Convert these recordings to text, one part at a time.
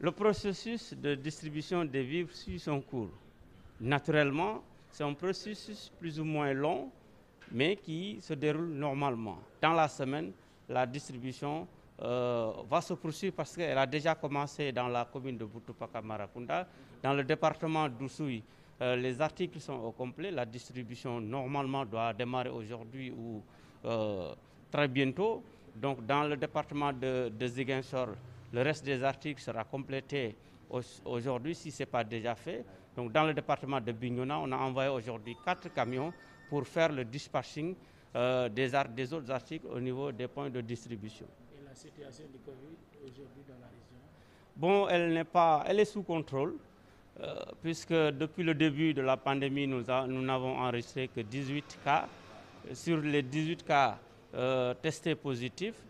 Le processus de distribution des vivres suit son cours. Naturellement, c'est un processus plus ou moins long, mais qui se déroule normalement. Dans la semaine, la distribution euh, va se poursuivre parce qu'elle a déjà commencé dans la commune de boutupaka Dans le département d'Oussoui, euh, les articles sont au complet. La distribution normalement doit démarrer aujourd'hui ou euh, très bientôt. Donc dans le département de, de le reste des articles sera complété aujourd'hui si ce n'est pas déjà fait. Donc dans le département de Bignona, on a envoyé aujourd'hui quatre camions pour faire le dispatching euh, des, autres articles au niveau des points de distribution. Et la situation du Covid aujourd'hui dans la région Bon, elle n'est pas, elle est sous contrôle, euh, puisque depuis le début de la pandémie, nous, n'avons enregistré que 18 cas. Sur les 18 cas euh, testés positifs,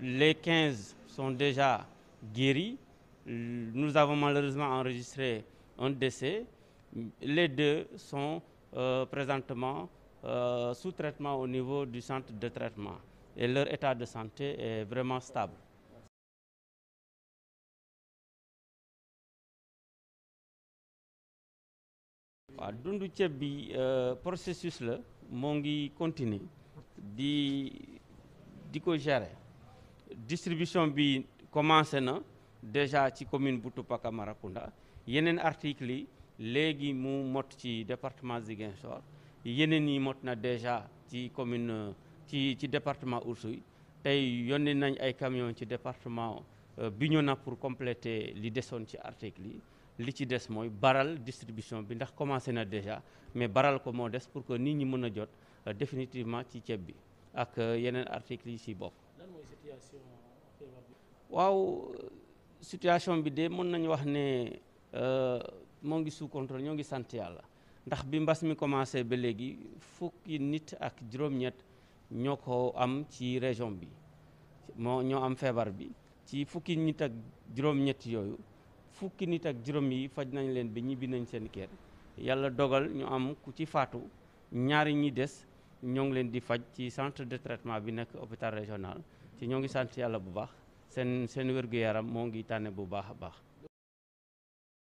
les 15 sont déjà guéris. Nous avons malheureusement enregistré un décès. Les deux sont euh, présentement euh, sous traitement au niveau du centre de traitement et leur état de santé est vraiment stable. Euh, processus là, gérer distribution bi commencé na déjà ci commune Boutoupaka Toubacouta yenen article articles yi mu mot ci département Ziguinchor yenen ni mot na déjà ci commune ci ci département Oussouye tay y nañ ay camions ci département euh, biñuna pour compléter li déssone ci article. L'idée li ci des moy baral distribution bi ndax commencé na déjà mais baral ko mo pour que nit ñi jot euh, définitivement ci ceeb bi. ak euh, yeneen articles yi ci bokk. waaw situation bi de mën nañu wax ne euh, moo ngi sous contrôle ñoo ngi sant yàlla ndax bi mbas mi commencé ba léegi fukki nit ak juróom-ñett ñoo ko am ci région bi moo ñoo am feebar bi ci fukki nit ak juróom-ñett yooyu fukki nit ak juróom yi faj nañ leen bi ñibbi nañ seen kër yàlla dogal ñu am ku ci faatu ñaari ñi des. ñoo ngi leen di faj ci centre de traitement bi nekk hôpital régional ci ñoo ngi sant yàlla bu baax seen seen wér-gu-yaram moo ngi tànne bu baax a baax